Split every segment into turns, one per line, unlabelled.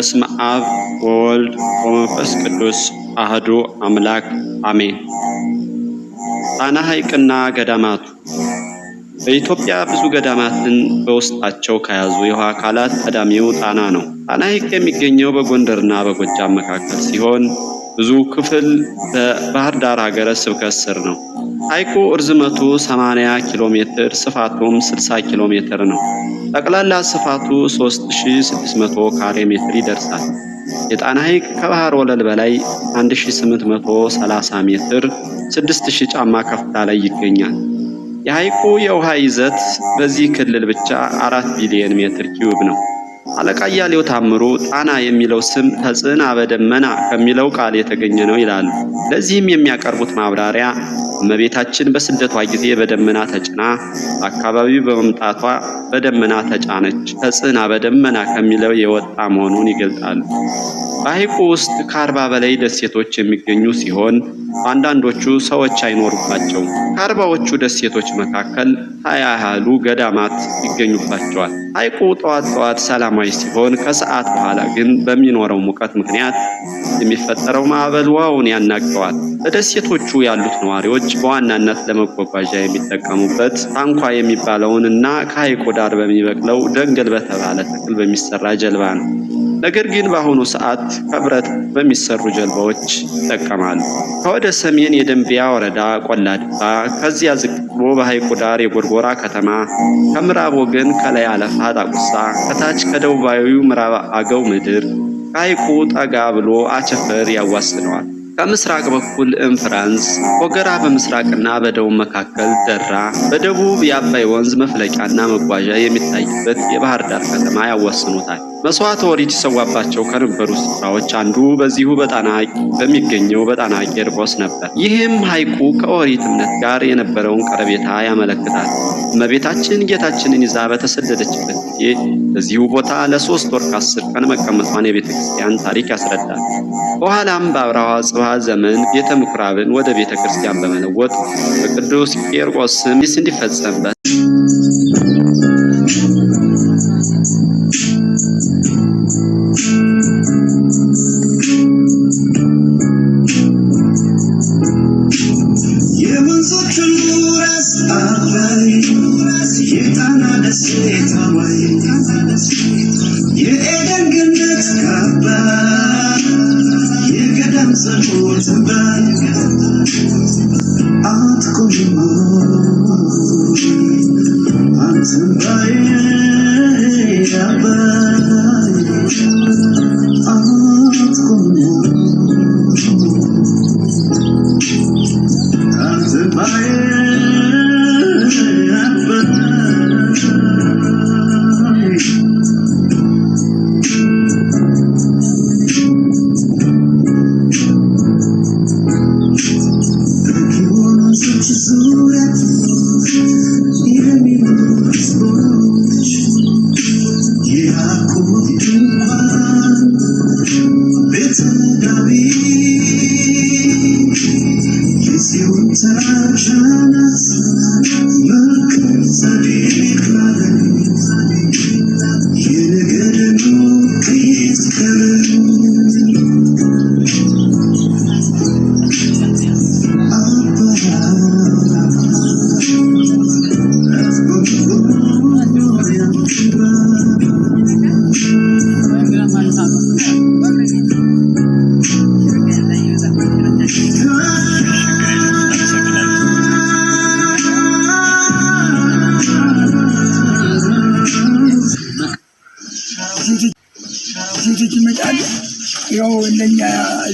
በስመ አብ ወወልድ ወመንፈስ ቅዱስ አህዱ አምላክ አሜን። ጣና ሐይቅና ገዳማቱ በኢትዮጵያ ብዙ ገዳማትን በውስጣቸው ከያዙ የውሃ አካላት ቀዳሚው ጣና ነው። ጣና ሐይቅ የሚገኘው በጎንደርና በጎጃም መካከል ሲሆን ብዙ ክፍል በባህር ዳር ሀገረ ስብከት ስር ነው። ሐይቁ እርዝመቱ 80 ኪሎ ሜትር ስፋቱም 60 ኪሎ ሜትር ነው። ጠቅላላ ስፋቱ 3600 ካሬ ሜትር ይደርሳል። የጣና ሐይቅ ከባህር ወለል በላይ 1830 ሜትር 6000 ጫማ ከፍታ ላይ ይገኛል። የሐይቁ የውሃ ይዘት በዚህ ክልል ብቻ 4 ቢሊዮን ሜትር ኪዩብ ነው። አለቃ አያሌው ታምሩ ጣና የሚለው ስም ተጽዕና በደመና ከሚለው ቃል የተገኘ ነው ይላሉ። ለዚህም የሚያቀርቡት ማብራሪያ እመቤታችን በስደቷ ጊዜ በደመና ተጭና አካባቢው በመምጣቷ በደመና ተጫነች፣ ተጽዕና በደመና ከሚለው የወጣ መሆኑን ይገልጣሉ። በሐይቁ ውስጥ ከአርባ በላይ ደሴቶች የሚገኙ ሲሆን አንዳንዶቹ ሰዎች አይኖሩባቸውም። ከአርባዎቹ ደሴቶች መካከል ሀያ ያህሉ ገዳማት ይገኙባቸዋል። ሐይቁ ጠዋት ጠዋት ሰላማዊ ሲሆን ከሰዓት በኋላ ግን በሚኖረው ሙቀት ምክንያት የሚፈጠረው ማዕበል ውሃውን ያናግረዋል። በደሴቶቹ ያሉት ነዋሪዎች በዋናነት ለመጓጓዣ የሚጠቀሙበት ታንኳ የሚባለውን እና ከሐይቁ ዳር በሚበቅለው ደንገል በተባለ ተክል በሚሰራ ጀልባ ነው። ነገር ግን በአሁኑ ሰዓት ከብረት በሚሰሩ ጀልባዎች ይጠቀማሉ። ከወደ ሰሜን የደንቢያ ወረዳ ቆላድባ፣ ከዚያ ዝቅቦ ብሎ በሐይቁ ዳር የጎርጎራ ከተማ፣ ከምዕራብ ወገን ከላይ አለፋ ጣቁሳ፣ ከታች ከደቡባዊው ምዕራብ አገው ምድር ከሐይቁ ጠጋ ብሎ አቸፈር ያዋስነዋል። ከምስራቅ በኩል እንፍራንስ ወገራ በምስራቅና በደቡብ መካከል ደራ በደቡብ የአባይ ወንዝ መፍለቂያና መጓዣ የሚታይበት የባህር ዳር ከተማ ያዋስኑታል። መስዋዕት ኦሪት ይሰዋባቸው ከነበሩ ስፍራዎች አንዱ በዚሁ በጣና በሚገኘው በጣና ቄርቆስ ነበር። ይህም ሐይቁ ከኦሪት እምነት ጋር የነበረውን ቀረቤታ ያመለክታል። እመቤታችን ጌታችንን ይዛ በተሰደደችበት ጊዜ በዚሁ ቦታ ለሶስት ወር ከአስር ቀን መቀመጧን የቤተ ክርስቲያን ታሪክ ያስረዳል። በኋላም በአብርሃ ጽብሐ ዘመን ቤተ ምኩራብን ወደ ቤተ ክርስቲያን በመለወጥ በቅዱስ ቂርቆስ ስም ይስ እንዲፈጸምበት
I'm At koşmuş Antındayım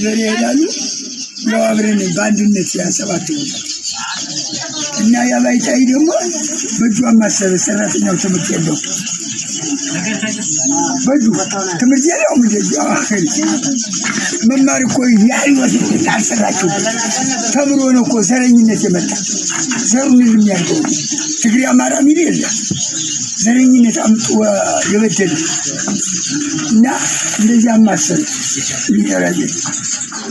ሀገር ይሄዳሉ ያው አብረን በአንድነት ያንሰባት ይሆናል እና ያባይታይ ደግሞ በእጇ ማሰብ ሰራተኛው ትምህርት የለው በእጁ ትምህርት የለው መማር እኮ የህይወት አልሰራችሁ ተምሮ ነው እኮ ዘረኝነት የመጣ ዘሩን የሚያርገው ትግሬ አማራ ሚል የለም ዘረኝነት አምጡ የበደሉ እና እንደዚህ አማሰል ሊደረግ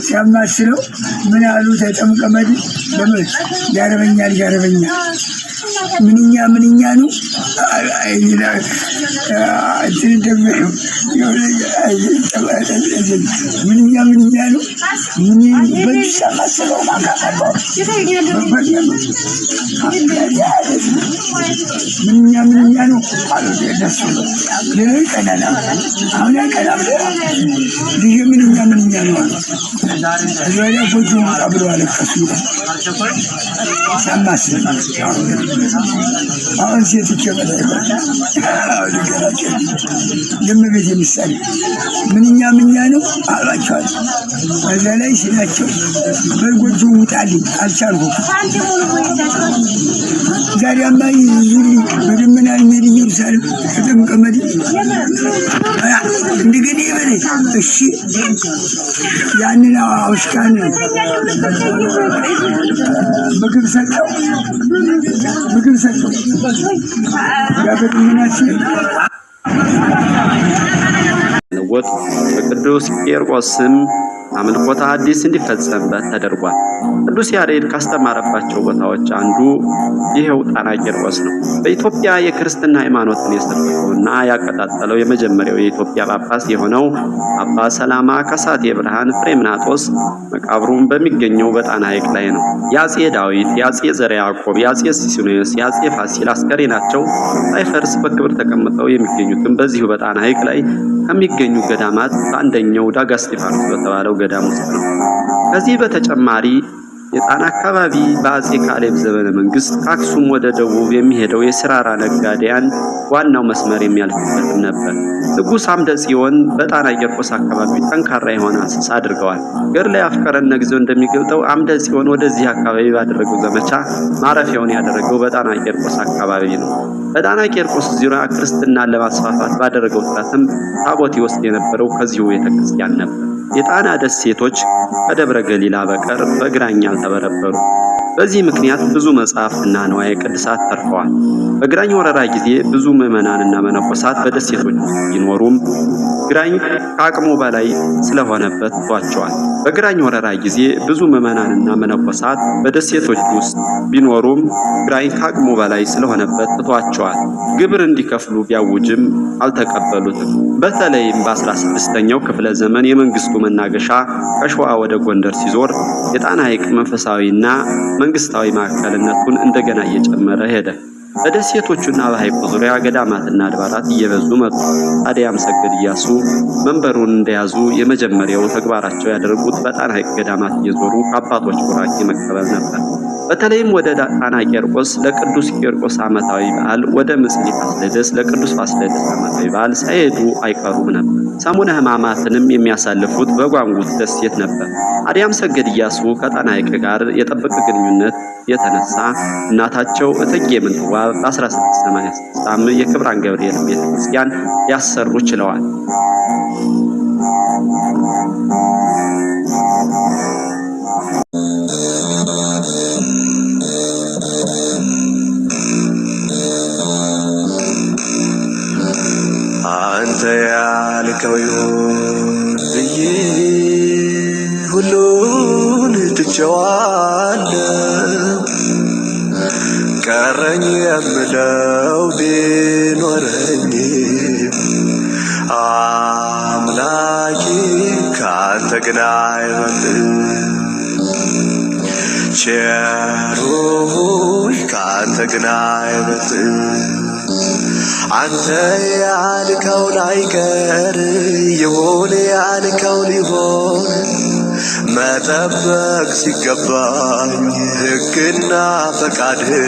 ሲያማስለው ምን አሉ? ተጠምቀመድ ለመድ ያረበኛል ያረበኛል ምንኛ ምንኛ ነው ምንኛ ምንኛ ነው በጅሳ ማስበው ምንኛ ምንኛ ነው ነው አሉ። እዚያ ጎጆ ውጣ ብለው አለቀሱ። ሰማስ አሁን ሴቶች ገራቸው የመቤት ምሳሌ ምንኛ ምኛ ነው አሏቸዋል። እዚያ ላይ ስላቸው በጎጆ ውጣልኝ አልቻልኩ። ዛሬማ ይዙልኝ በደመና ሜድ ኢየሩሳሌም ተጠምቀመድ እንደገና ይበለኝ እሺ ያንን አውሽካን ምግብ ሰጠው ምግብ ሰጠው ያገጥምናችን
ወጥ በቅዱስ ቂርቆስ ስም አምልኮተ ሐዲስ እንዲፈጸምበት ተደርጓል። ቅዱስ ያሬድ ካስተማረባቸው ቦታዎች አንዱ ይኸው ጣና ቄርቆስ ነው። በኢትዮጵያ የክርስትና ሃይማኖትን የሰበከውና ያቀጣጠለው የመጀመሪያው የኢትዮጵያ ጳጳስ የሆነው አባ ሰላማ ከሳቴ ብርሃን ፍሬምናጦስ መቃብሩን በሚገኘው በጣና ሐይቅ ላይ ነው። የአጼ ዳዊት፣ የአጼ ዘረ ያዕቆብ፣ የአጼ ሲሲኒዮስ፣ የአጼ ፋሲል አስከሬናቸው ሳይፈርስ በክብር ተቀምጠው የሚገኙትን በዚሁ በጣና ሐይቅ ላይ ከሚገኙ ገዳማት በአንደኛው ዳጋ እስጢፋኖስ በተባለው ገዳም ውስጥ ነው። ከዚህ በተጨማሪ የጣና አካባቢ በአጼ ካሌብ ዘመነ መንግስት ከአክሱም ወደ ደቡብ የሚሄደው የስራራ ነጋዴያን ዋናው መስመር የሚያልፍበትም ነበር። ንጉሥ አምደ ጽዮን በጣና ቂርቆስ አካባቢ ጠንካራ የሆነ አሰሳ አድርገዋል። ላይ አፍቀረነ ጊዜው እንደሚገልጠው አምደ ጽዮን ወደዚህ አካባቢ ባደረገው ዘመቻ ማረፊያውን ያደረገው በጣና ቂርቆስ አካባቢ ነው። በጣና ቂርቆስ ዙሪያ ክርስትናን ለማስፋፋት ባደረገው ጥረትም ታቦት ይወስድ የነበረው ከዚሁ ቤተክርስቲያን ነበር። የጣና ደሴቶች ከደብረ ገሊላ በቀር በግራኝ አልተበረበሩ። በዚህ ምክንያት ብዙ መጻሕፍትና ንዋየ ቅድሳት ተርፈዋል። በግራኝ ወረራ ጊዜ ብዙ ምዕመናንና መነኮሳት በደሴቶች ቢኖሩም ግራኝ ከአቅሙ በላይ ስለሆነበት ትቷቸዋል። በግራኝ ወረራ ጊዜ ብዙ ምዕመናንና መነኮሳት በደሴቶች ውስጥ ቢኖሩም ግራኝ ከአቅሙ በላይ ስለሆነበት ትቷቸዋል። ግብር እንዲከፍሉ ቢያውጅም አልተቀበሉትም። በተለይም በ16ኛው ክፍለ ዘመን የመንግስቱ መናገሻ ከሸዋ ወደ ጎንደር ሲዞር የጣና ሐይቅ መንፈሳዊና መንግስታዊ ማዕከልነቱን እንደገና እየጨመረ ሄደ። በደሴቶቹና በሐይቁ ዙሪያ ገዳማትና አድባራት እየበዙ መጡ። ታዲያም ሰገድ እያሱ መንበሩን እንደያዙ የመጀመሪያው ተግባራቸው ያደረጉት በጣና ሐይቅ ገዳማት እየዞሩ ከአባቶች ቡራኬ መቀበል ነበር። በተለይም ወደ ጣና ቂርቆስ ለቅዱስ ቂርቆስ ዓመታዊ በዓል፣ ወደ ምጽሊ ፋሲለደስ ለቅዱስ ፋሲለደስ ዓመታዊ በዓል ሳይሄዱ አይቀሩም ነበር። ሰሙነ ሕማማትንም የሚያሳልፉት በጓንጉት ደሴት ነበር። አዲያም ሰገድ ኢያሱ ከጣና ሐይቅ ጋር የጠበቀ ግንኙነት የተነሳ እናታቸው እቴጌ ምንትዋብ በ1686 የክብራን ገብርኤል ቤተክርስቲያን ያሰሩ ችለዋል።
ትቼዋለሁ ቀረኝ የምለው ቢኖረኝ አምላኪ ካንተ ግን አይበልጥ ቸሩ ሆይ ካንተ ግን አይበልጥ አንተ ያልከው ላይቀር ይሁን ያልከው ሊሆን መጠበቅ ሲገባኝ ህግና ፈቃድ